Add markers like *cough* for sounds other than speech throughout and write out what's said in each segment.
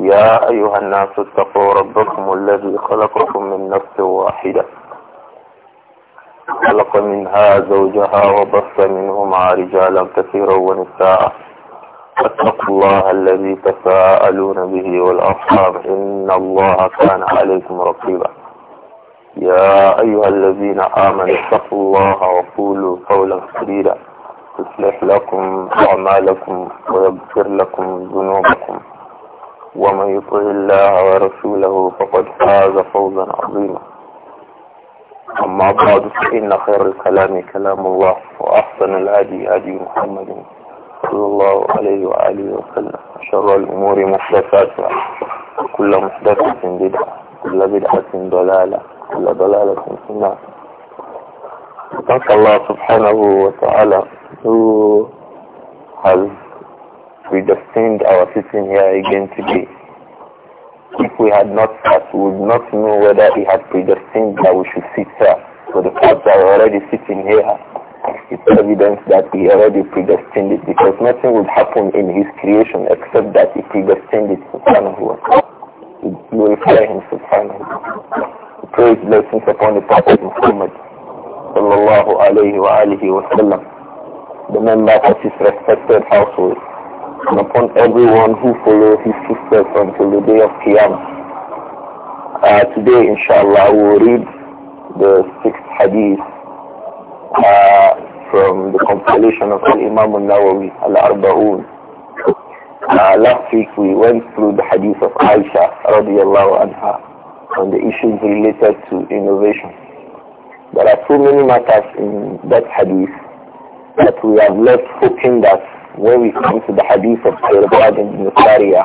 يا أيها الناس اتقوا ربكم الذي خلقكم من نفس واحدة خلق منها زوجها وبث منهما رجالا كثيرا ونساء اتقوا الله الذي تساءلون به والأرحام إن الله كان عليكم رقيبا يا أيها الذين آمنوا اتقوا الله وقولوا قولا سديدا يصلح لكم أعمالكم ويغفر لكم ذنوبكم ومن يطع الله ورسوله فقد فاز فوزا عظيما أما بعد فإن خير الكلام كلام الله وأحسن الهدي هدي محمد صلى الله عليه وآله وسلم شر الأمور محدثاتها كل محدثة بدعة كل بدعة ضلالة كل ضلالة في النار Thank Allah subhanahu wa we destined our sitting here again today. If we had not sat, we would not know whether he had predestined that we should sit here. So the fact that we're already sitting here is evidence that he already predestined it because nothing would happen in his creation except that he predestined it subhanahu wa ta'ala. We glorify him subhanahu wa Praise blessings upon the Prophet Muhammad sallallahu alayhi wa alihi wa sallam, the members of his respected household and upon everyone who follows his footsteps until the day of Qiyamah. Uh, today, inshallah, we will read the sixth hadith uh, from the compilation of imam al-Nawawi, Al-Arba'un. Uh, last week we went through the hadith of Aisha radiallahu anha on the issues related to innovation. There are so many matters in that hadith that we have left hoping that when we come to the hadith of Al-Bad and Sariya,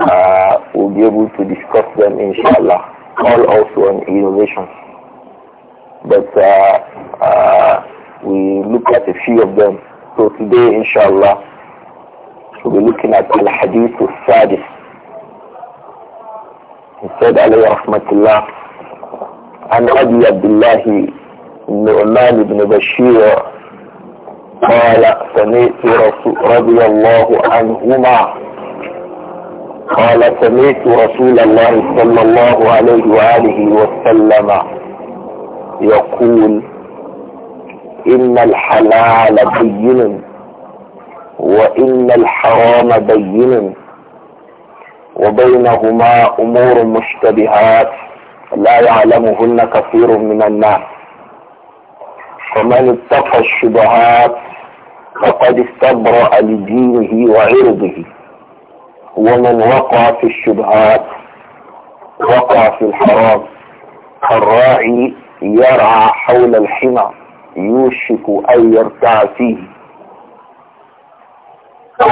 uh, we'll be able to discuss them inshallah, all also on innovation. But uh, uh, we look at a few of them. So today inshallah, we'll be looking at Al-Hadith of sadis He said alayhi rahmatullah, عن أبي عبد الله النعمان بن بشير قال سمعت رسول رضي الله عنهما قال سمعت رسول الله صلى الله عليه وآله وسلم يقول إن الحلال بين وإن الحرام بين وبينهما أمور مشتبهات لا يعلمهن كثير من الناس فمن اتقى الشبهات فقد استبرأ لدينه وعرضه ومن وقع في الشبهات وقع في الحرام الراعي يرعى حول الحمى يوشك أن يرتع فيه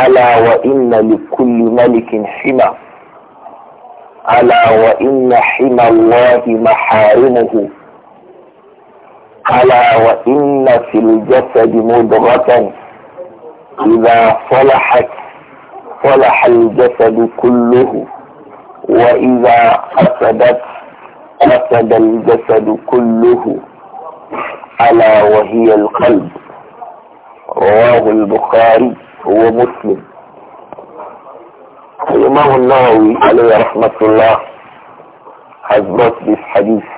ألا وإن لكل ملك حمى ألا وإن حمى الله محارمه ألا وإن في الجسد مضغة إذا صلحت صلح الجسد كله وإذا أسدت أسد الجسد كله ألا وهي القلب رواه البخاري هو مسلم الإمام النووي عليه رحمة الله has brought this hadith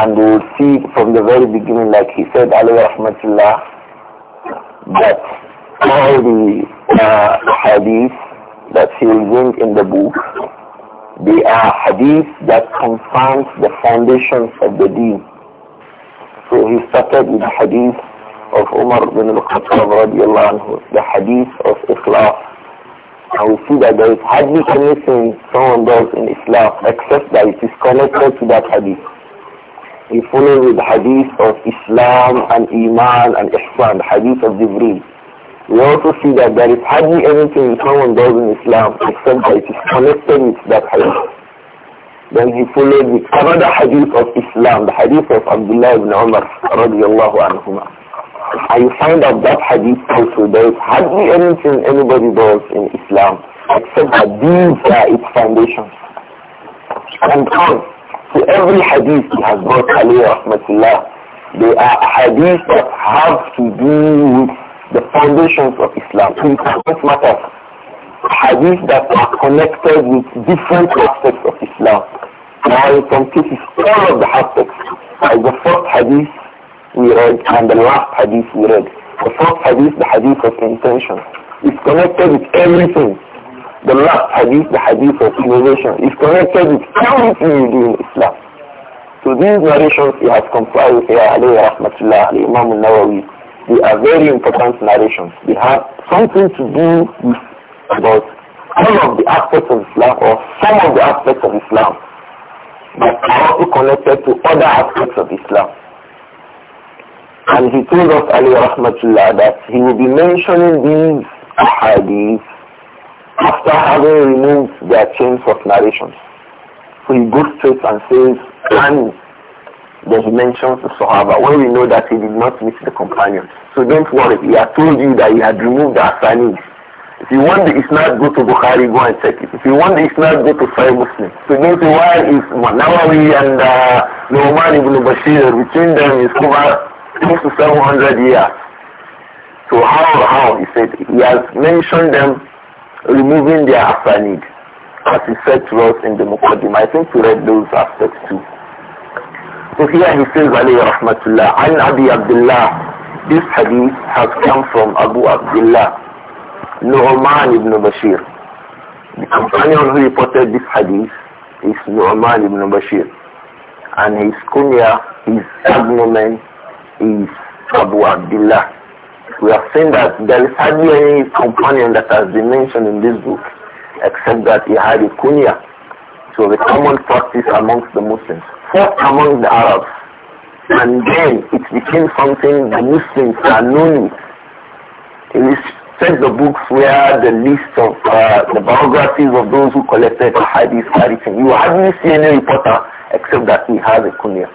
and we will see from the very beginning like he said عليه رحمة الله that all the uh, hadith that he will bring in the book, they are hadith that confirms the foundations of the deen. So he started with the hadith of Umar bin al-Khattab radiallahu anhu, the hadith of Islam, And we see that there is hardly anything someone does in Islam except that it is connected to that hadith. He followed with the hadith of Islam and Iman and Ihsan, the hadith of Jibreel we also see that there is hardly anything someone does in Islam except that it is connected with that hadith. Then he followed with another hadith of Islam, the hadith of Abdullah ibn Umar radiallahu anhuma. I find that that hadith also, there is hardly anything anybody does in Islam except that these are its foundations. And on to every hadith he has brought, alayhi rahmatullah, they are hadiths that have to do with the foundations of Islam To important matters. Hadith that are connected with different aspects of Islam. Now in some cases all of the aspects. Like the first hadith we read and the last hadith we read. The first hadith, the hadith of intention. is connected with everything. The last hadith, the hadith of innovation, is connected with everything you do in Islam. So these narrations he has compiled here, alayhi rahmatullah, alayhi Imam al-Nawawi, they are very important narrations. They have something to do with about all of the aspects of Islam or some of the aspects of Islam but are also connected to other aspects of Islam. And he told us, Ali Rahmatullah, that he will be mentioning these hadiths after having removed their chains of narrations. So he goes straight and says, and then he mentions the Sahaba, when we know that he did not miss the companions. So don't worry. He has told you that he had removed the asanis. If you want the Isnad, go to Bukhari, go and check it. If you want the Isnad, go to Sahih Muslim. So don't worry. why is Nawawi and uh, Nu'man ibn Bashir, between them is over close to 700 years. So how, how, he said, he has mentioned them removing their asanid, as he said to us in the Muqaddim. I think we read those aspects too. So here he says, alayhi rahmatullah, an Abi Abdullah, this hadith has come from Abu Abdullah, Nu'man ibn Bashir. The companion who reported this hadith is Nu'man ibn Bashir. And his kunya, his cognomen is Abu Abdullah. We have seen that there is hardly any companion that has been mentioned in this book except that he had a kunya. So the common practice amongst the Muslims, first among the Arabs, and then it became something the Muslims are known in. We said the books where the list of uh, the biographies of those who collected the hadith are written. You hardly see any reporter except that he has a kunya.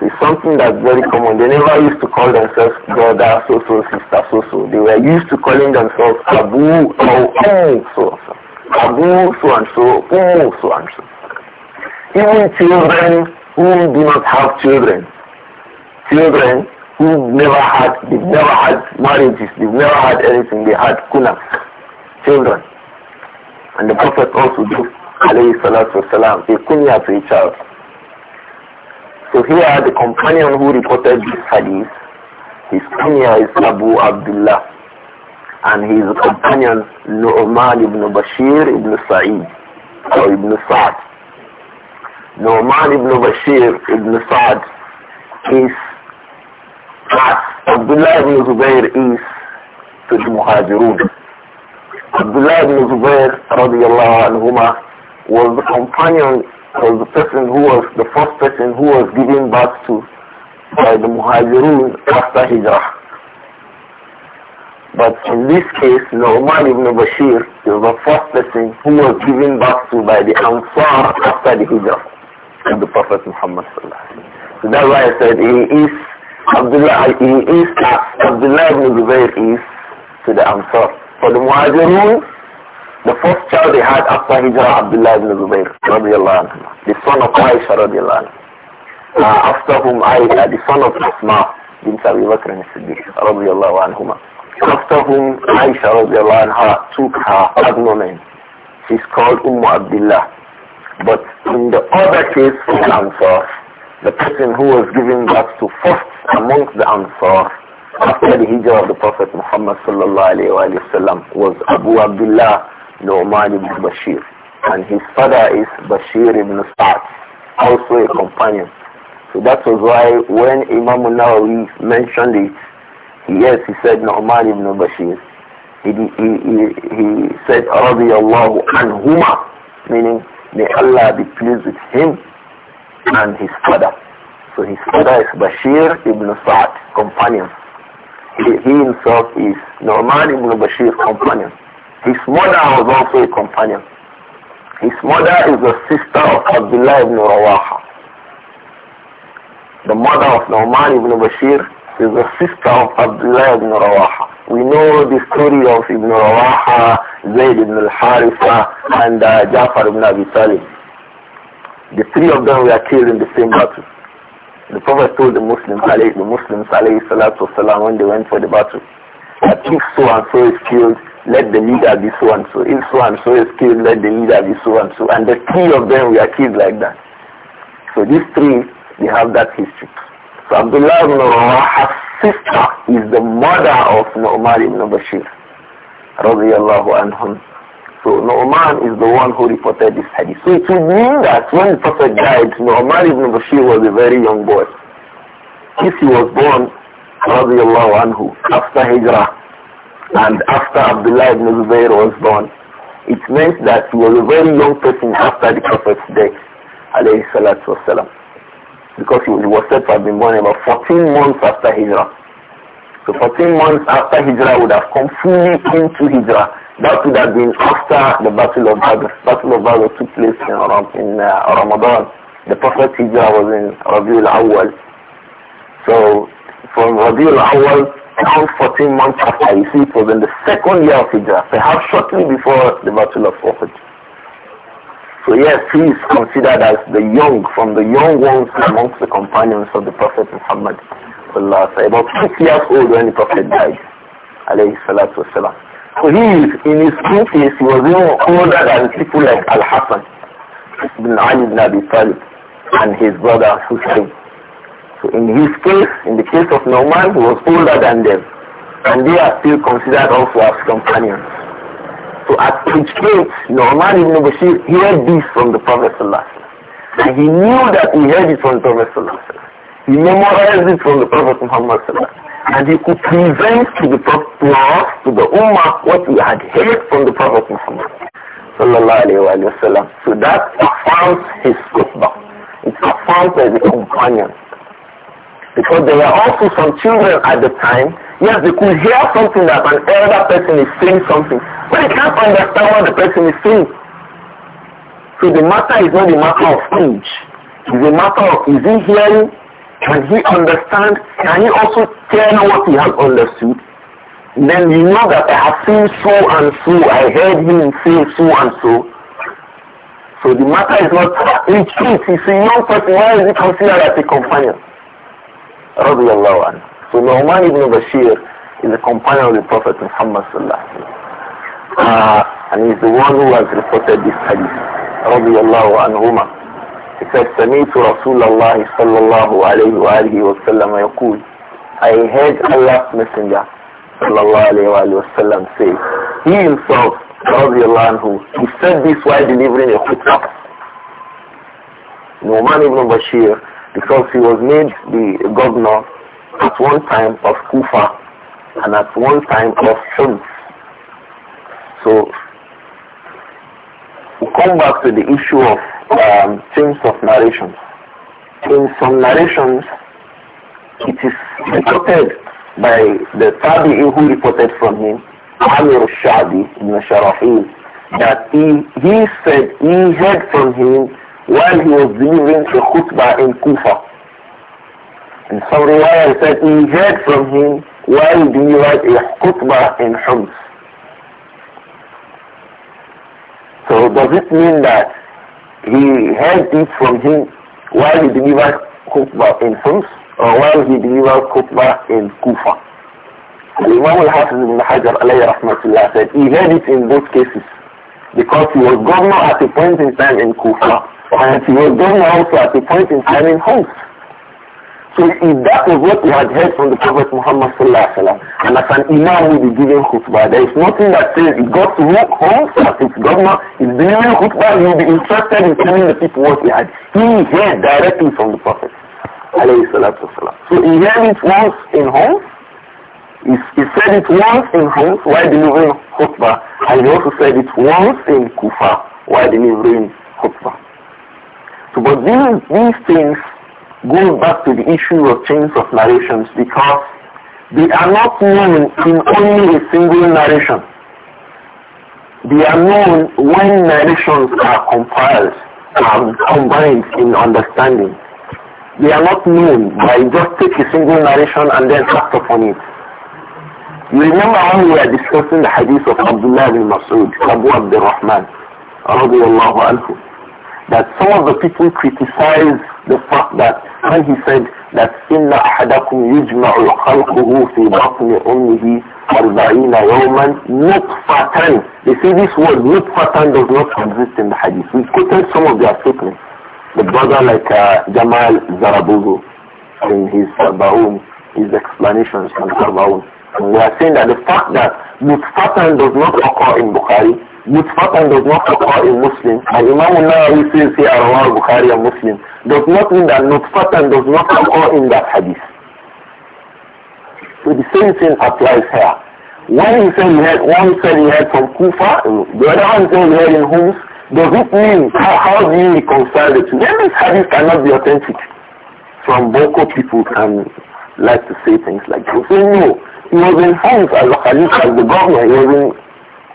So it's something that's very common. They never used to call themselves brother, so-so, sister, so-so. They were used to calling themselves Abu Abu so-so. Abu so-and-so, Abu so-and-so. Even children who do not have children, children who never had, they've never had marriages, they've never had anything, they had kuna, children. And the Prophet also gave, alayhi salatu wasalam, a kunya to a child. So here the companion who reported this hadith, his kunya is Abu Abdullah. And his companion, Nu'man ibn Bashir ibn Sa'id, or ibn Sa'd. Nu'man ibn Bashir ibn Sa'd is that Abdullah ibn Zubair is to the Muhajirun. Abdullah ibn Zubair radiallahu anhuma was the companion, was the person who was the first person who was given birth to by the Muhajirun after Hijrah. But in this case, Nu'man ibn Bashir is the first person who was given birth to by the Ansar after the Hijrah. of the Prophet Muhammad So that's why I said he is Abdullah الله is Abdullah ibn Zubair is to the Ansar. For the the first child they had after الله Abdullah ibn رضي الله عنه the son of Aisha رضي الله Uh, after whom Aisha, the son of Asma bint Abi بكر al رضي الله عنهما After whom Aisha الله عنها took her name She's called Umm Abdullah. But in the other case, answer the person who was giving birth to first amongst the answer after the hijrah of the Prophet Muhammad sallallahu was Abu Abdullah Nu'man ibn Bashir. And his father is Bashir ibn Sa'd, also a companion. So that was why when Imam Nawawi mentioned it, yes, he said Nu'man ibn Bashir. He, he, he, he said, رضي الله عنهما, meaning May Allah be pleased with him and his father. So his father is Bashir ibn Sa'd, companion. He, he, himself is Norman ibn Bashir's companion. His mother was also a companion. His mother is the sister of Abdullah ibn Rawaha. The mother of Norman ibn Bashir is the sister of Abdullah ibn Rawaha. We know the story of Ibn Rawaha, Zayd ibn al-Haritha, and uh, Ja'far ibn Abi Talib. The three of them were killed in the same battle. The Prophet told the Muslims, the Muslims, Salih, salatu when they went for the battle, that if so and so is killed, let the leader be so and so. If so and so is killed, let the leader be so and so. And the three of them were killed like that. So these three, they have that history. So Abdullah ibn Rawaha sister is the mother of Nu'man ibn Bashir radiallahu anhum. So Nu'man is the one who reported this hadith. So it would mean that when the Prophet died, Nu'man ibn Bashir was a very young boy. If he was born, radiallahu anhu, after Hijrah, and after Abdullah ibn Zubayr was born, it meant that he was a very young person after the Prophet's death, alayhi salatu wasalam because he was said to have been born about 14 months after Hijrah. So 14 months after Hijrah would have come fully into Hijrah. That would have been after the Battle of Badr. Battle of Badr took place in, in uh, Ramadan. The Prophet Hijrah was in Rabiul Awwal. So from Rabiul Awwal around 14 months after, you see it was in the second year of Hijrah, perhaps shortly before the Battle of Uhud. So yes, he is considered as the young, from the young ones amongst the companions of the Prophet Muhammad about six years old when the Prophet died. So he is, in his youth. he was even older than people like Al-Hassan ibn Ali ibn Abi Talib and his brother Hussein. So in his case, in the case of Norman, he was older than them. And they are still considered also as companions. So at age 8, Norman ibn Bashir heard this from the Prophet And he knew that he heard it from the Prophet He memorized it from the Prophet Muhammad And he could present to the Prophet, to the Ummah, what he had heard from the Prophet Muhammad So that affirms his khutbah. It affirms as a companion. Because there were also some children at the time Yes, they could hear something that an elder person is saying something, but they can't understand what the person is saying. So the matter is not a matter of age. It's a matter of is he hearing? Can he understand? Can he also tell what he has understood? Then you know that I have seen so and so. I heard him say so and so. So the matter is not in truth. He's a young person. Why is he considered as a companion? So Nu'man ibn Bashir is a companion of the Prophet Muhammad sallallahu uh, and he's the one who has reported this hadith رضي الله عنهما It says سمعت رسول الله صلى الله عليه وآله وسلم يقول I heard Allah's messenger صلى الله عليه وآله وسلم say He himself رضي الله عنه He said this while delivering a khutbah Nu'man ibn Bashir because he was made the governor at one time of Kufa and at one time of Hims. So we come back to the issue of um, change of narration. In some narrations, it is reported by the Tabi who reported from him, Amir Shadi the Sharafil, that he, he said he heard from him while he was delivering a khutbah in Kufa. In some riwayah said he heard from him while doing a khutbah in Homs. So does it mean that he heard this from him while he delivered khutbah in Homs or while he delivered khutbah in Kufa? And Imam al-Hafiz ibn Hajar alayhi rahmatullah said he heard it in both cases because he was governor at a point in time in Kufa and he was governor also at a point in time in Homs. So if that was what we had heard from the Prophet Muhammad sallallahu alaihi wasallam, and as an imam will be giving khutbah, there is nothing that says it got to work home as its governor is delivering khutbah, he will be interested in telling the people what he had. He heard directly from the Prophet alayhi salatu So he heard it once in home, he, said it once in home while delivering khutbah, and he also said it once in Kufa while delivering khutbah. So but these, these things going back to the issue of chains of narrations because they are not known in only a single narration. They are known when narrations are compiled and combined in understanding. They are not known by just take a single narration and then act upon it. You remember when we were discussing the hadith of Abdullah bin Mas'ud, Abu Abdurrahman, radiallahu anhu that some of the people criticize the fact that when he said that إِنَّ أَحَدَكُمْ يُجْمَعُ خَلْقُهُ فِي بَطْنِ أُمِّهِ أَرْبَعِينَ يَوْمًا نُطْفَةً They say this word نُطْفَةً does not exist in the hadith. We quoted some of their statements. The brother like uh, Jamal Zarabugo in his Sarbaun, his explanations on Sarbaun. And we are saying that the fact that Nutfatan does not occur in Bukhari Mutfatan does not occur in Muslim. And Imam al-Nawawi says here, Rawal Bukhari and Muslim, does not mean that Mutfatan does not occur in that hadith. So the same thing applies here. One he said he had, one said he had from Kufa, the other one said he had in Homs. Does it mean, how, how do you reconcile the two? Then this hadith cannot be authentic. From Boko people can like to say things like this. So no, he was in Homs as a Khalif, as the governor, he was in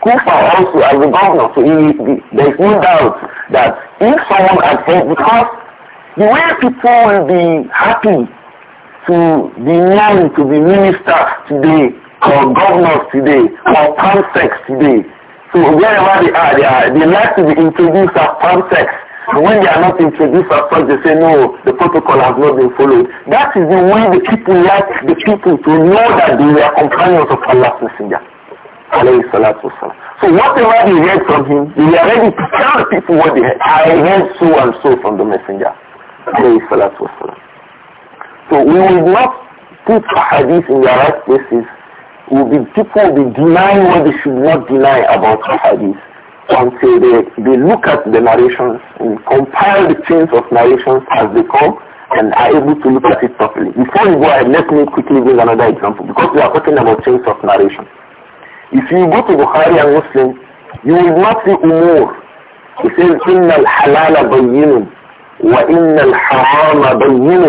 Cooper also as the governor, so he, there's no doubt that if someone had said, because the way people will be happy to be known to be ministers today, or governors today, or pansects today, so wherever they are, they are, they like to be introduced as pansects. And when they are not introduced as such, they say, no, the protocol has not been followed. That is the way the people like the people to know that they are companions of Allah's messenger. So whatever they heard from him, they are ready to tell the people what they heard. I heard so and so from the messenger. So we will not put hadith in the right places. Will be, people will be denying what they should not deny about hadith until they, they look at the narrations and compile the chains of narrations as they come and are able to look at it properly. Before we go ahead, let me quickly give another example because we are talking about chains of narrations. If you go to Bukhari and Muslim, you will not see umur. He says, إِنَّ الْحَلَالَ بَيِّنٌ وَإِنَّ الْحَرَامَ بَيِّنٌ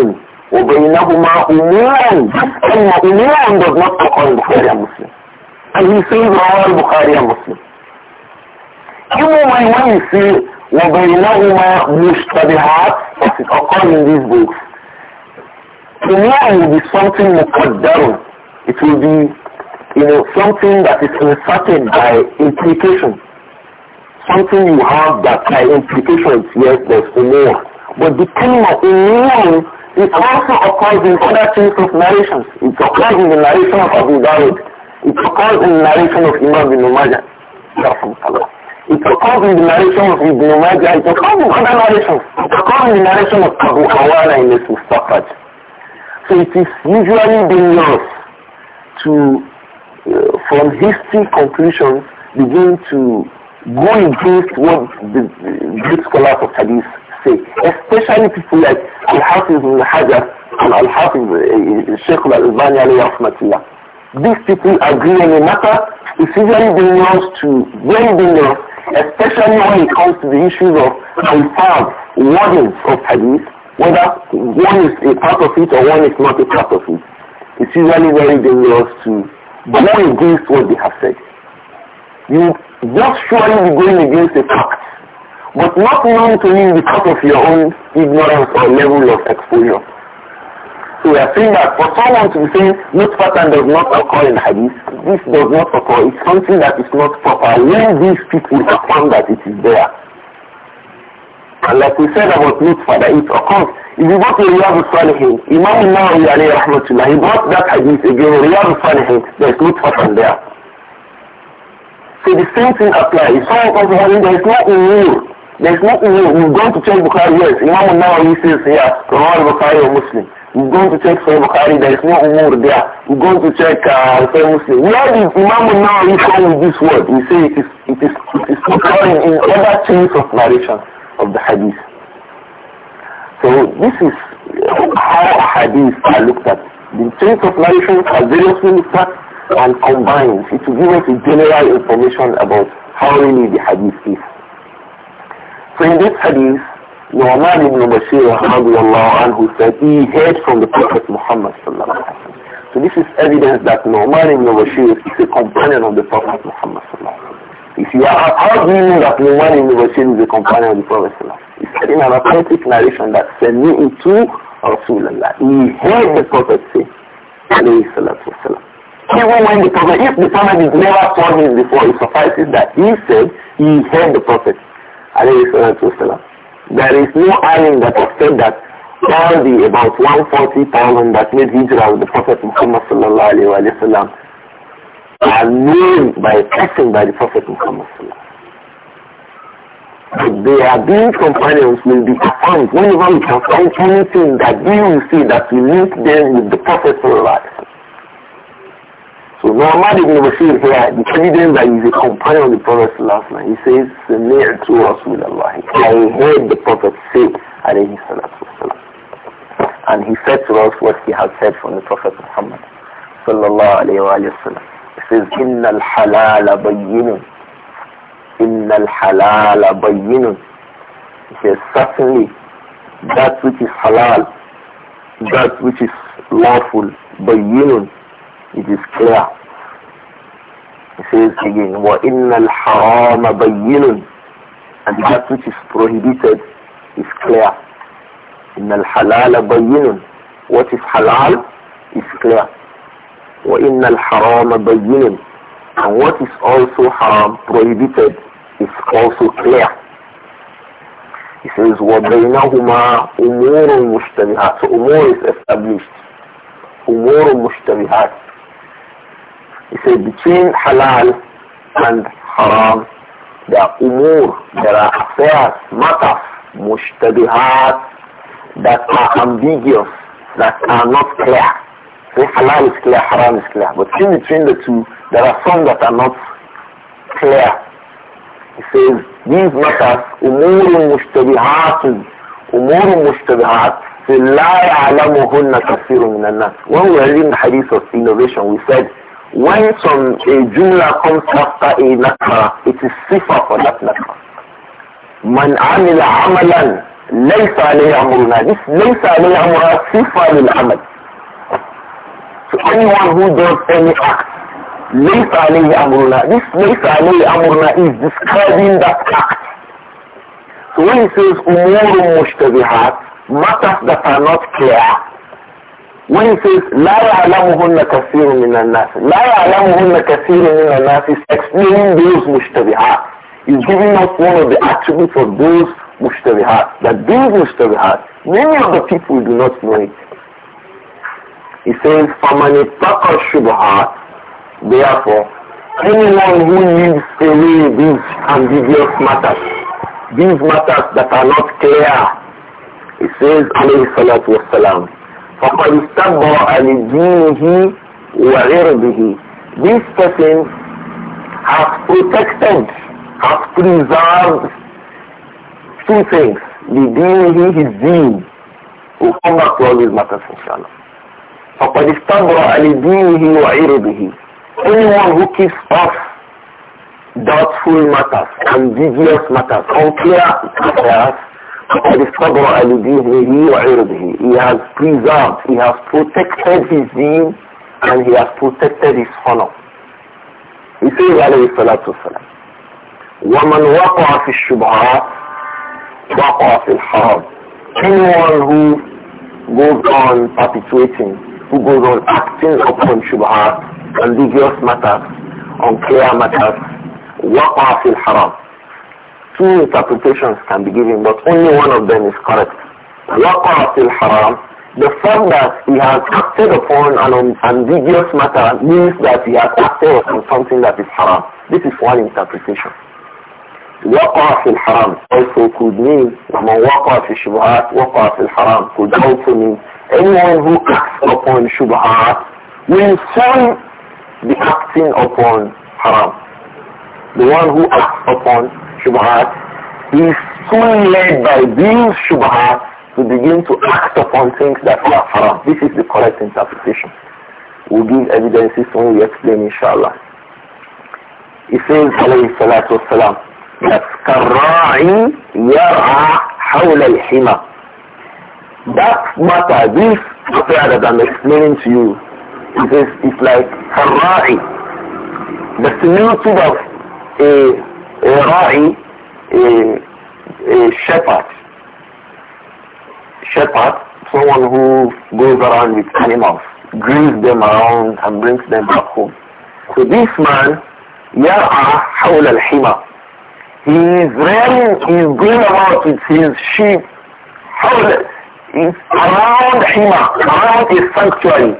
وَبَيْنَهُمَا أُمُورٌ أما أمور does not occur in Bukhari and Muslim. And he says, رواه Bukhari and Muslim. Even when you see وَبَيْنَهُمَا مُشْتَبِهَاتٌ as it occurs in these books, umur will be something مُقَدَّرٌ. It will be you know, something that is uncertain by implication. Something you have that by implications, yes, there's umur. But depending on the meaning, it also occurs in other things of narrations. It occurs in the narration of Abu Dawud. It occurs in the narration of Imam bin Umayyah. It occurs in the narration of Ibn Majah. It occurs in other narrations. It occurs in the narration of Abu Hawana in the Mustafaj. So it is usually dangerous to uh, from history conclusions begin to go against what the, great scholars of hadith say, especially people like Al-Hafiz al Hajar and Al-Hafiz uh, uh Sheikh al-Albani alayhi These people agree on a matter, it's usually dangerous to very dangerous, especially when it comes to the issues of confirmed warnings of hadith, whether one is a part of it or one is not a part of it. It's usually very dangerous to go against what they have said. You just surely be going against the fact, but not known to you because of your own ignorance or level of exposure. So we are saying that for someone to be saying this pattern does not occur in hadith, this does not occur, it's something that is not proper when these people affirm that it is there. And like we said about Nutfa, that it occurs if you go to Riyadh al-Salihin, Imam Nawawi alayhi rahmatullah, he brought that hadith again, Riyadh al-Salihin, there is no pattern there. So the same thing applies. If someone comes to Hadith, there is nothing new. There is nothing new. we have gone to check Bukhari, yes, Imam Nawawi says here, yeah, Quran Bukhari or Muslim. we are going to check Sahih Bukhari, there is no umur there. we are going to check uh, Sahih Muslim. Where did Imam Nawawi come with this word? We say it is, it is, it is occurring in other chains of narration of the hadith. So this is how hadith are looked at. The chains of narration are variously looked at and combined. It will give us a general information about how many the hadith is. So in this hadith, Nu'man ibn Bashir anhu said he heard from the Prophet Muhammad So this is evidence that Nu'man ibn Bashir is a companion of the Prophet Muhammad If you are, how do you know that Nu'man ibn Bashir is a companion of the Prophet in an authentic narration that said, me into Rasulullah. He heard the Prophet say, alayhi salatu wasalam. Even when the Prophet, if the Prophet is never saw him before, it suffices that he said, he heard the Prophet, alayhi salatu wasalam. There is no island that has said that all the about 140,000 that made hijrah with the Prophet Muhammad sallallahu alayhi wa sallam are known by a person by the Prophet Muhammad sallallahu they are being companions will be found whenever you can find anything that you will see that will link them with the Prophet life. So Muhammad ibn Bashir here, the evidence that he's a companion of the Prophet last night, he says, near to us with Allah. I heard the Prophet say, alayhi salatu wasalam. And he said to us what he had said from the Prophet Muhammad, sallallahu alayhi wa sallam. He says, إِنَّ الْحَلَالَ بَيِّنٌ إِنَّ الْحَلَالَ بَيِّنٌ He says, certainly, that which is halal, that which is lawful, بَيِّنٌ It is clear. He says again, وَإِنَّ الْحَرَامَ بَيِّنٌ And that which is prohibited is clear. إِنَّ الْحَلَالَ بَيِّنٌ What is halal is clear. وَإِنَّ الْحَرَامَ بَيِّنٌ And what is also haram, prohibited, is also clear. He says, وَبَيْنَهُمَا أُمُورٌ مُشْتَبِهَاتٌ So umur is established. أُمُورٌ مُشْتَبِهَاتٌ He said, between halal and haram, there are umur, there are affairs, matters, mushtabihat, that are ambiguous, that are not clear. Say halal is clear, haram is clear. But in between the two, there are some that are not clear. He says, these matters, umuru mushtabihatun, umuru mushtabihat, fi la ya'lamuhunna kathiru minan nas. When we are in the hadith of innovation, we said, when some a jumla comes after a nakra, it is sifa for that nakra. Man amila amalan, laysa alayhi amruna. This laysa alayhi amruna, sifa lil amal. So anyone who does any act, ليس عليه this ليس عليه is describing that act so when he says umuru مشتبهات matters that are not clear when he says لا يعلمهن كثير من الناس لا يعلمهن كثير من الناس is explaining those مشتبهات is giving us one of the attributes of those mushtabihat that these mushtabihat many of the people do not know it he says فَمَنِ اتَّقَى الشُّبْهَاتِ Therefore, anyone who leaves away these ambiguous matters, these matters that are not clear, it says, alayhi salatu wasalam, فَقَدْ اسْتَبْرَ لِدِينِهِ وَعِرْضِهِ This person has protected, has preserved two things, the his deen. We'll come back to all these matters, inshallah. فَقَدْ اسْتَبْرَ لِدِينِهِ وَعِرْضِهِ Anyone who keeps off doubtful matters, ambiguous matters, unclear matters, he has preserved, he has protected his deen and he has protected his honor. He says alayhi salatu wasalam, وَمَنْ وَقَعَ فِي الشُّبْهَاتِ وَقَعَ فِي الْحَرَامِ Anyone who goes on perpetuating, who goes on acting upon shubhat, ambiguous matters, unclear matters, waqa fil haram. Two interpretations can be given, but only one of them is correct. Waqa fil haram, the fact that he has acted upon an ambiguous matter means that he has acted upon something that is haram. This is one interpretation. وقع في الحرام also could mean ومن وقع في الشبهات وقع في الحرام could also mean anyone who acts upon shubhat will soon the acting upon haram. The one who acts upon shubhat is soon led by these shubhat to begin to act upon things that are haram. This is the correct interpretation. We'll give evidences when we explain inshallah. He says alayhi salatu wasalam that That matter, this affair that I'm explaining to you, it is it's like Harra'i. The similitude of a, a Ra'i, a, a shepherd. Shepherd, someone who goes around with animals, brings them around and brings them back home. So this man, Yara Hawla al-Hima, he is running, he is going about with his sheep, Hawla, around Hima, around his sanctuary.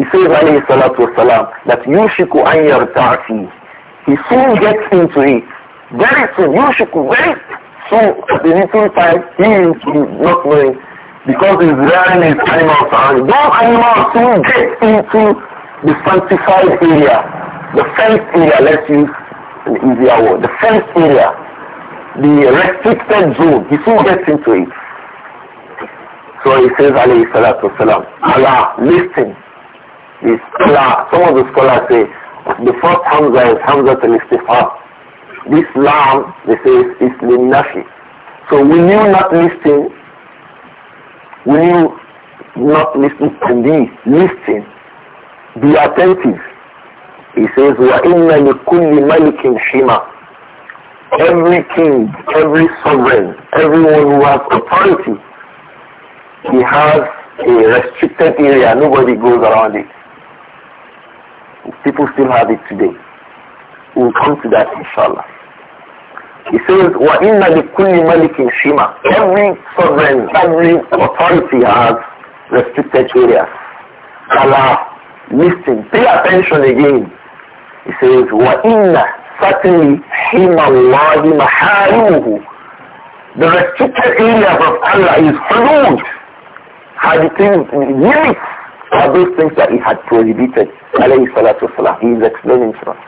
He says, alayhi salatu wasalam, that yushiku an yarta'fi. He soon gets into it. Very soon, yushiku, very soon, at the little time, he is not knowing because he's wearing his animals and those animals soon get into the sanctified area, the fence area, let's use an easier word, the fenced area, the restricted zone, he soon gets into it. So he says, alayhi salatu wasalam, Allah, listen, the scholar, some of the scholars say the first Hamza is Hamza al istifham. This lam, they say, is linafi. So will you not listen? Will you not listen to me? Listen. Be attentive. He says, وَإِنَّ لِكُلِّ مَلِكٍ حِمَى Every king, every sovereign, everyone who has authority, he has a restricted area. Nobody goes around it. People still have it today. We'll come to that inshallah. He says, وَإِنَّ لِكُلِّ مَلِكٍ شِمَا Every sovereign, every authority has restricted areas. Allah, listen, pay attention again. He says, وَإِنَّ certainly حِمَ اللَّهِ مَحَارِمُهُ The restricted areas of Allah is hudud, had limits are those things that he had prohibited? Alayhi He is explaining to us.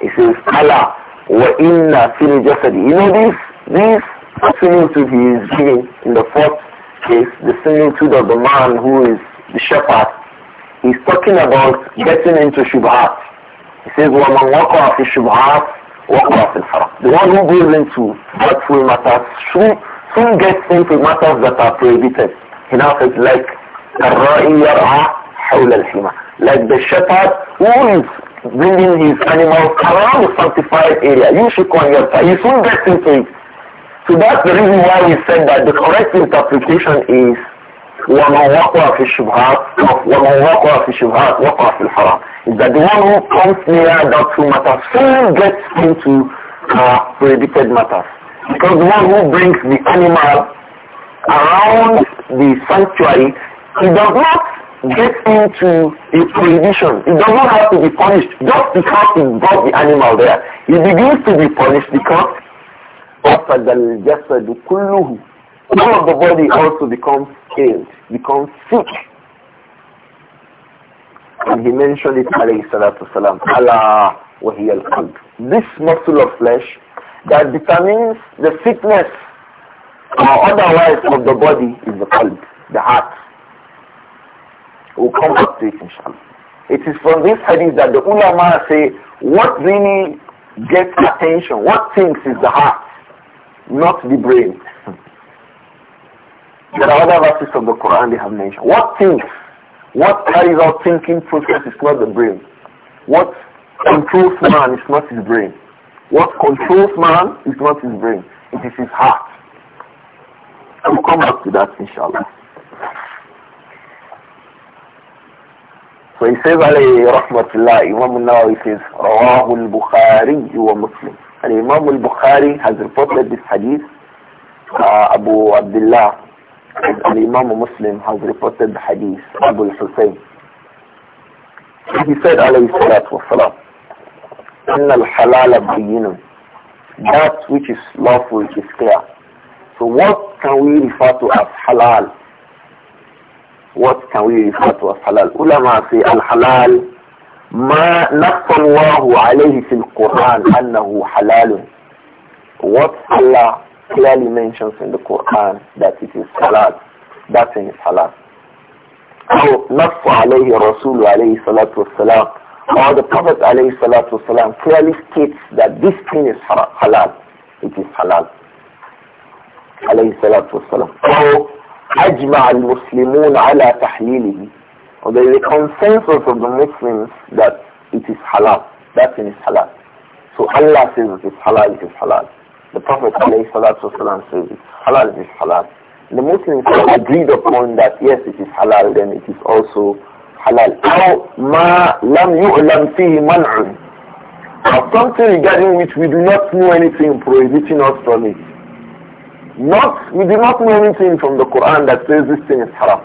He says, Allah, wa inna fil jasadi. You know this, this similitude he is giving in the fourth case, the similitude of the man who is the shepherd. He's talking about getting into shubhat. He says, وَمَنْ وَقَعَ فِي الشُّبْهَاتِ وَقَعَ فِي الْحَرَامِ The one who goes into hurtful matters soon, soon gets into matters that are prohibited. He now says, like like the shepherd who is bringing his animals around the sanctified area. You should call yourself. You soon get into it. So that's the reason why we said that the correct interpretation is وَمَنْ وَقْوَى فِي الشُّبْهَاتِ وَمَنْ وَقْوَى فِي الشُّبْهَاتِ وَقْوَى فِي الْحَرَامِ Is that the one who comes near that two matters soon gets into uh, prohibited matters. Because the one who brings the animal around the sanctuary it does not get into a prohibition. It does not have to be punished just because he got the animal there. He begins to be punished because after the all of the body also becomes ill, becomes sick. And he mentioned it alayhi salatu salam. Allah al This muscle of flesh that determines the sickness or otherwise of the body is the qalb, the heart. We'll come back to it inshallah. It is from this hadith that the ulama say what really gets attention, what thinks is the heart, not the brain. *laughs* there are other verses of the Quran they have mentioned. What thinks, what carries out thinking process is not the brain. What controls man is not his brain. What controls man is not his brain. It is his heart. I will come back to that inshallah. So he says, alayhi rahmatullah, Imam al-Nawawi says, Rawahu al-Bukhari wa Muslim. And Imam al-Bukhari has reported this hadith, uh, Abu Abdullah, and Imam Muslim has reported the hadith, Abu al-Husayn. He said, alayhi salatu wa salam, إن الحلال بين That which is lawful is clear. So what can we refer to as halal? what can we refer to as halal? Ulama say al-halal ما نص الله عليه في القرآن أنه حلال. What Allah clearly mentions in the Quran that it is halal, that thing is halal. so نص عليه الرسول عليه الصلاة والسلام or the Prophet عليه الصلاة والسلام clearly states that this thing is halal. It is halal. عليه الصلاة والسلام. so أجمع المسلمون على تحليله or there is a consensus of the Muslims that it is halal. That thing is halal. So Allah says it is halal, it is halal. The Prophet ﷺ says it is halal, it is halal. The Muslims agreed upon that yes, it is halal, then it is also halal. Now, ma lam yu'lam fihi man'un. Or something regarding which we do not know anything prohibiting us from it. Not, we do not know anything from the Quran that says this thing is haram.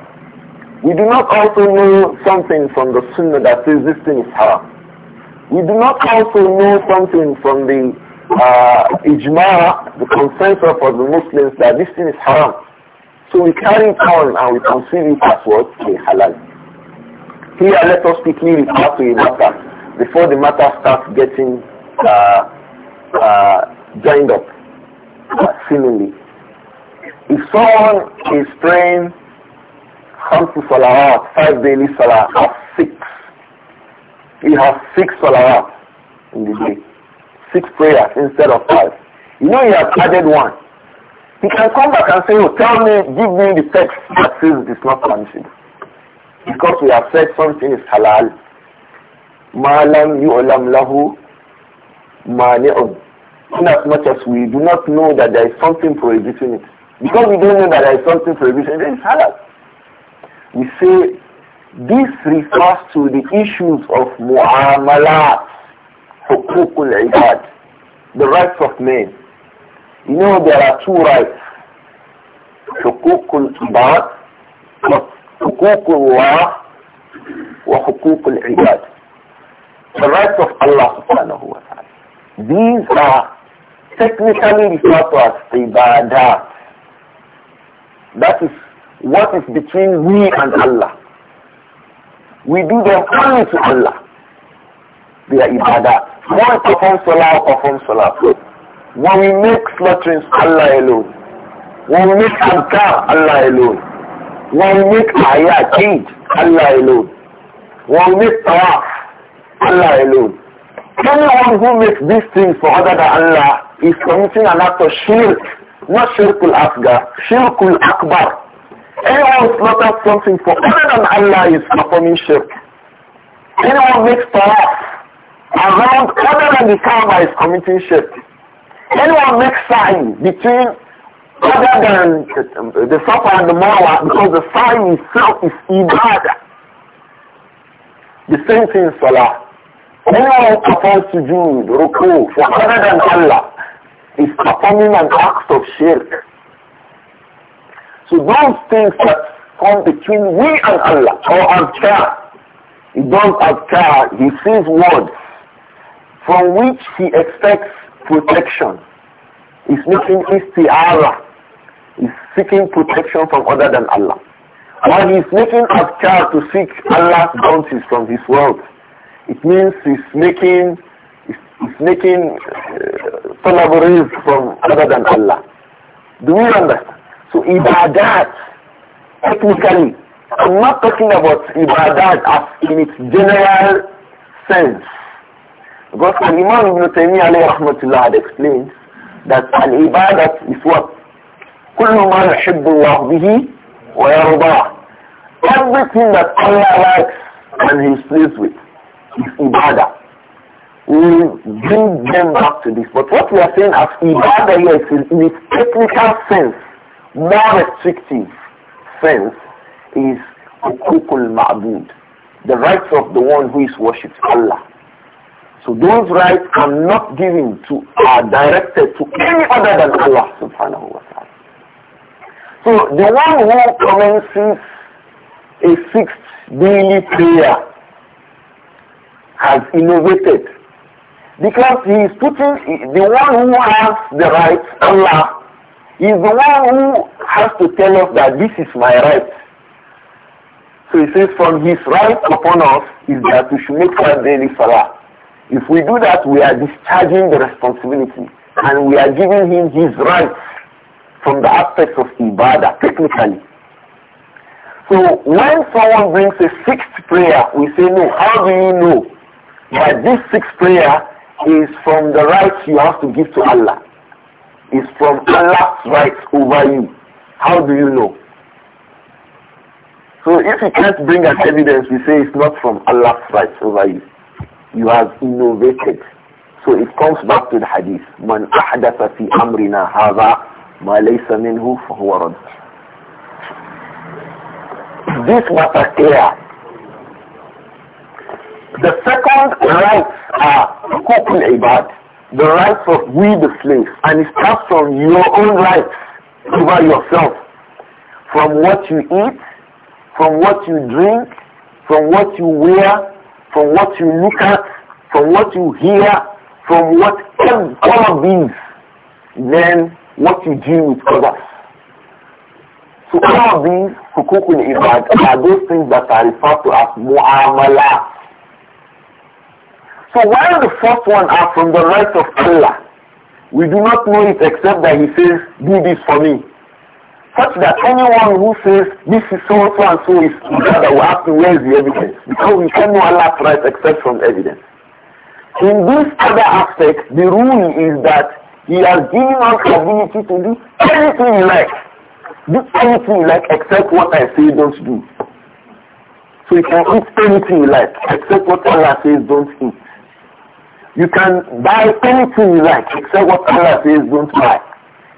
We do not also know something from the Sunnah that says this thing is haram. We do not also know something from the uh, ijma, the consensus of the Muslims that this thing is haram. So we carry it on and we conceive it as what? A halal. Here let us quickly clearly to a matter before the matter starts getting uh, uh, joined up, seemingly. If someone is praying to Salawat, five daily Salah, has six. He has six Salawat in the day. Six prayers instead of five. You know he has added one. He can come back and say, oh, tell me, give me the text that says it's not permissible. Because we have said something is halal. Ma'alam yu'lam lahu mani'un. Inasmuch as we do not know that there is something prohibiting it. Because we don't know that there is something prohibition, then it's halal. We say this refers to the issues of mu'amalat, hukukul ibad, the rights of men. You know there are two rights, hukukul ibad, hukukul wa, wa hukukul ibad. The rights of Allah subhanahu wa ta'ala. These are technically referred to as ibadat. That is what is between we and Allah. We do them only to Allah. They are ibadah. One performs salah, performs salah. When we make slaughterings, Allah alone. When we make adkar, Allah alone. When we make ayah, deed, Allah alone. When we make tawaf, Allah alone. Anyone who makes these things for other than Allah is committing an act of shirk not shirkul asgar, shirkul akbar. Anyone slaughters something for other than Allah is performing shirk. Anyone makes tawaf around other than the Kaaba is committing shirk. Anyone makes sign between other than uh, the Safa and the Marwa because the sign itself is ibadah. The same thing for Salah. Anyone performs sujood, ruku for other than Allah is performing an act of shirk. So those things that come between we and Allah, or Azkar, he does Azkar, he says words from which he expects protection. He's making istiara. He's seeking protection from other than Allah. While he's making Azkar to seek Allah's bounties from his world, it means he's making, he's making uh, Talab from other than Allah. Do we understand? So ibadat, technically, I'm not talking about ibadat as in its general sense. Because an Imam Ibn Taymiyyah rahmatullah had explained that an ibadat is what? كل ما يحب الله به ويرضاه. Everything that Allah likes and He is pleased with is ibadah we bring them back to this. But what we are saying as Ibadah here is in its technical sense, more restrictive sense, is Ukukul Ma'bud, the rights of the one who is worshipped, Allah. So those rights are not given to, are directed to any other than Allah subhanahu wa ta'ala. So the one who commences a fixed daily prayer has innovated because he is putting, the one who has the right, Allah, is the one who has to tell us that this is my right. So he says from his right upon us is that we should make our daily salah. If we do that, we are discharging the responsibility and we are giving him his rights from the aspect of ibadah, technically. So when someone brings a sixth prayer, we say, no, how do you know that this sixth prayer is from the rights you have to give to Allah. It's from Allah's rights over you. How do you know? So if you can't bring us evidence, we say it's not from Allah's rights over you. You have innovated. So it comes back to the hadith. Man ahdatha fi amrina hadha ma laysa minhu fahuwa This matter clear. The second right are hukul about the rights of we the slaves, and it starts from your own rights over yourself, from what you eat, from what you drink, from what you wear, from what you look at, from what you hear, from what all of these, then what you do with others. So all of these hukukul are those things that are referred to as mu'amala. So while the first one are from the right of Allah, we do not know it except that he says, do this for me. Such that anyone who says, this is so so and so is that we have to raise the evidence. Because we can know Allah's right except from evidence. In this other aspect, the rule is that he has given us ability to do anything he likes. Do anything like except what I say don't do. So you can eat anything you like except what Allah says don't eat. You can buy anything you like except what Allah says don't buy.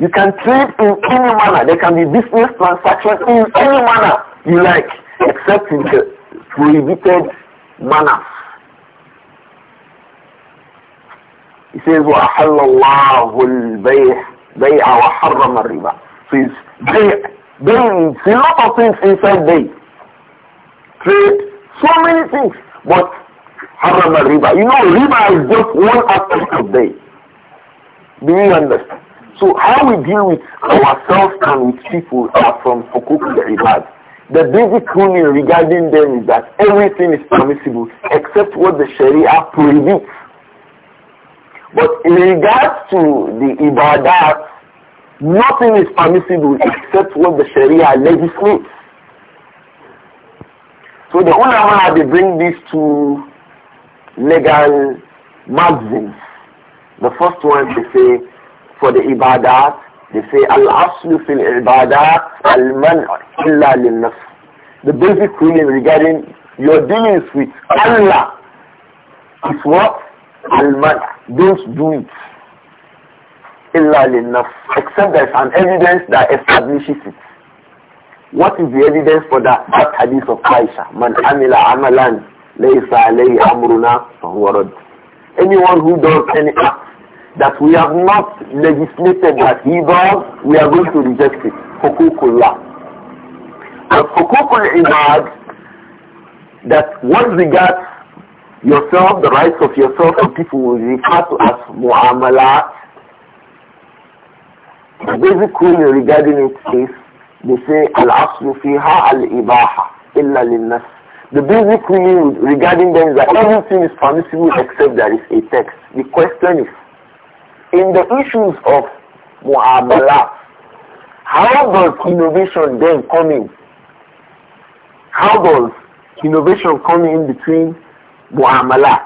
You can trade in any manner. There can be business transactions in any manner you like except in the prohibited manner. He says, وَأَحَلَّ اللَّهُ الْبَيْعَ وَحَرَّمَ الرِّبَى So it's bay, bay, a lot of things inside bay. Trade, so many things. But haram riba. You know, riba is just one aspect of this. Do you understand? So how we deal with ourselves and with people are from hukuk the ibad The basic ruling regarding them is that everything is permissible except what the sharia prohibits. But in regards to the ibadat, nothing is permissible except what the sharia legislates. So the ulama, they bring these two legal maxims. The first one they say for the ibadat, they say al-aslu fil ibadat al-man' illa lil The basic ruling regarding your dealings with Allah is what? Al-man' don't do it. Illa lil Except there is an evidence that establishes it. What is the evidence for that? That hadith of Aisha. Man amila amalan لَيْسَ عَلَيْهِ أَمْرُنَا فَهُوَ رَدٌّ Anyone who does any act that we have not legislated that he does, we are going to reject it. Hukukullah. But hukukul ibad, that we regards yourself, the rights of yourself and people will refer to as mu'amalat. The basic rule regarding it is, they say, al-aslu fiha al-ibaha illa lil-nafs. The basic meaning regarding them is that everything is permissible except there is a text. The question is, in the issues of mu'amalah, how does innovation then come in? How does innovation come in between mu'amalah,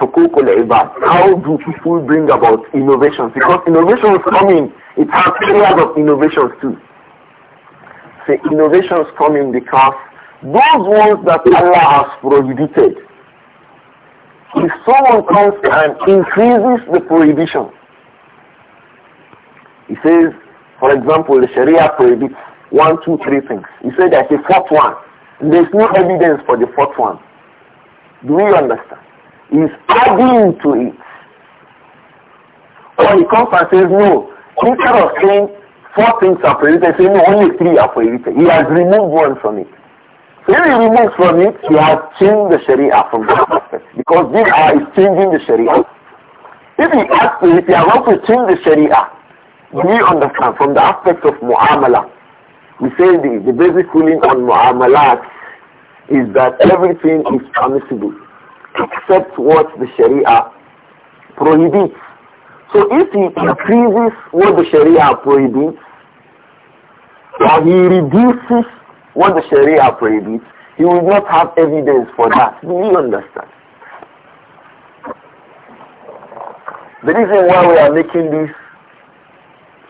hukukul ibad? How do people bring about innovations? Because innovations come in, it has areas of innovations too. So innovations come in because those ones that Allah has prohibited, if someone comes and increases the prohibition, he says, for example, the Sharia prohibits one, two, three things. He said there's a fourth one. There's no evidence for the fourth one. Do we understand? He's adding to it. Or he comes and says, no, instead of saying four things are prohibited, saying no, only three are prohibited. He has removed one from it. When he remove from it, he has changed the Sharia from that aspect. Because this are is changing the Sharia. If you ask me, if you are to change the Sharia, we understand from the aspect of Mu'amala. We say the, the basic ruling on Mu'amalat is that everything is permissible except what the Sharia prohibits. So if he increases what the Sharia prohibits, or he reduces what the Sharia prohibits, he will not have evidence for that. Do you understand? The reason why we are making these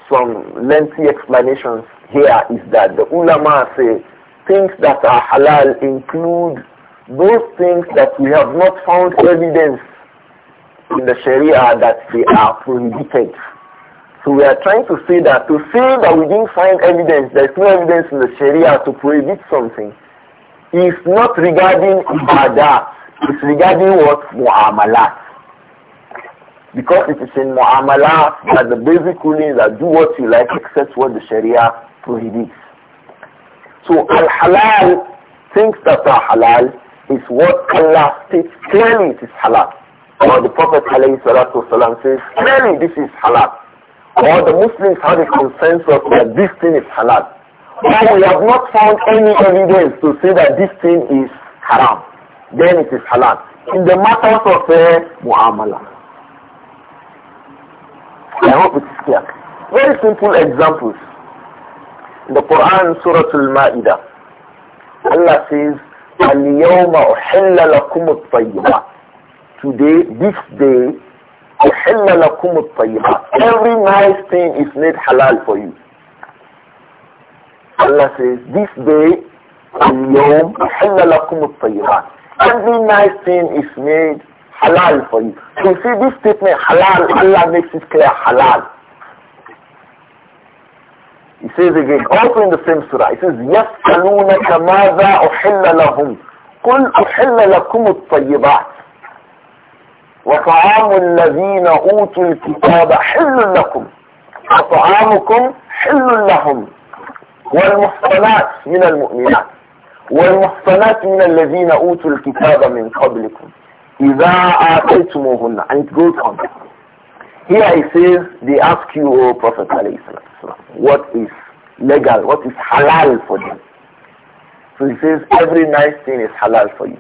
some lengthy explanations here is that the ulama say things that are halal include those things that we have not found evidence in the Sharia that they are prohibited so we are trying to say that to say that we didn't find evidence, there is no evidence in the Sharia to prohibit something, is not regarding ibadah. It's regarding what mu'amalat. Because it is in mu'amalat that the basic ruling is that do what you like except what the Sharia prohibits. So al-halal, things that are halal, is what Allah states clearly it is halal. Or the Prophet ﷺ says clearly this is halal or the Muslims have a consensus that this thing is halal. But we have not found any evidence to say that this thing is haram. Then it is halal. In the matters of uh, muamala. I hope it is clear. Very simple examples. In the Quran, Surah Al-Ma'idah, Allah says, اليوم أحل لكم الطيبات. Today, this day, Every nice thing is made halal for you. Allah says, this day, and أحل لكم الطيبات. Every nice thing is made halal for you. you see this statement, halal, Allah makes it clear, halal. He says again, also in the same surah, he says, يَسْأَلُونَكَ مَاذَا أُحِلَّ لَهُمْ قُلْ أُحِلَّ لَكُمُ الطَّيِّبَاتِ وطعام الذين أوتوا الكتاب حل لكم وطعامكم حل لهم والمحصنات من المؤمنات والمحصنات من الذين أوتوا الكتاب من قبلكم إذا آتيتموهن and it goes on here he says they ask you oh Prophet عليه الصلاة والسلام what is legal what is halal for them so he says every nice thing is halal for you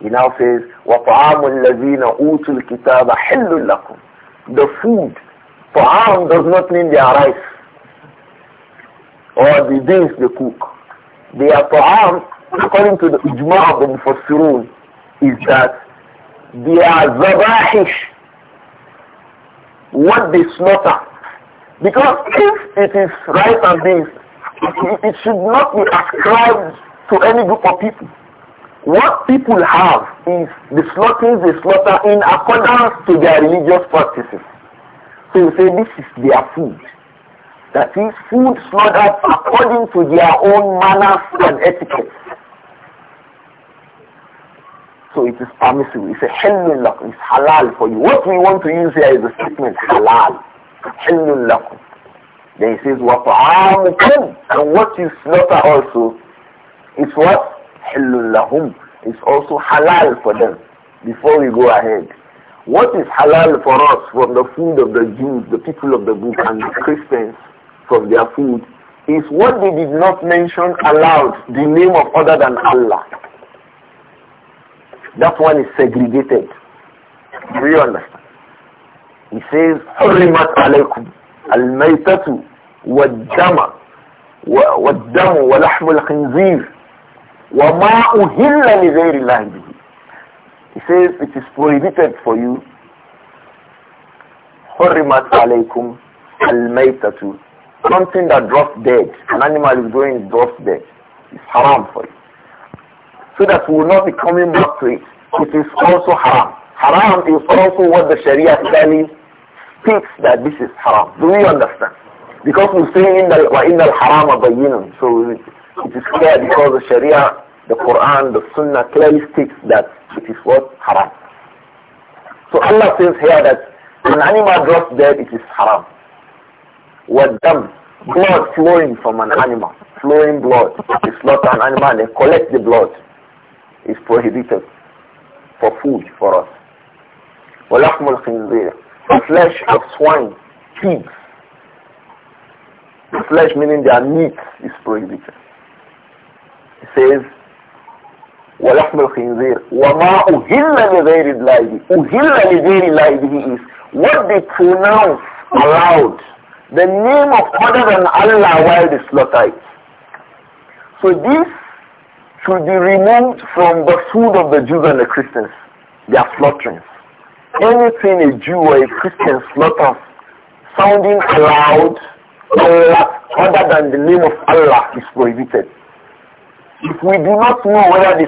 He now says, وَطَعَامُ الَّذِينَ أُوتُوا الْكِتَابَ حِلٌّ لَكُمْ The food, طعام does not mean their rice or the things they cook. They are طعام, according to the ijma of the Mufassirun, is that they are zabahish, what they slaughter. Because if it is rice and beans, it should not be ascribed to any group of people. What people have is the slaughtering they slaughter in accordance to their religious practices. So you say this is their food. That is food slaughtered according to their own manners and etiquette. So it is permissible. It's a halal It's halal for you. What we want to use here is the statement halal. Halal Then he says, وَطَعَامُكُمْ And what you slaughter also is what? حِلٌّ is also halal for them. Before we go ahead, what is halal for us from the food of the Jews, the people of the book, and the Christians from their food is what they did not mention aloud, the name of other than Allah. That one is segregated. Do you understand? He says, حرمت al الميتة والدم والدم ولحم الخنزير he says, it is prohibited for you. حُرِّمَتْ عَلَيْكُمْ الْمَيْتَةُ Something that drops dead. An animal is going to drop dead. It's haram for you. So that we will not be coming back to it. It is also haram. Haram is also what the Sharia clearly speaks that this is haram. Do we understand? Because we say in the in the haram bayinun, so it is clear because the Sharia, the Quran, the Sunnah clearly states that it is what? Haram. So Allah says here that an animal drops dead, it is haram. What dam? Blood flowing from an animal, flowing blood. They slaughter an animal and they collect the blood. It's prohibited for food for us. ولحم the flesh of swine, pigs. The flesh meaning their meat is prohibited. He says, ولحم الخنزير وما أهل لغير الله أهل لغير الله is what they pronounce aloud the name of other than Allah while they slaughter it. So this should be removed from the food of the Jews and the Christians, their slaughterings. Anything a Jew or a Christian slaughters sounding aloud other than the name of Allah is prohibited. If we do not know whether this.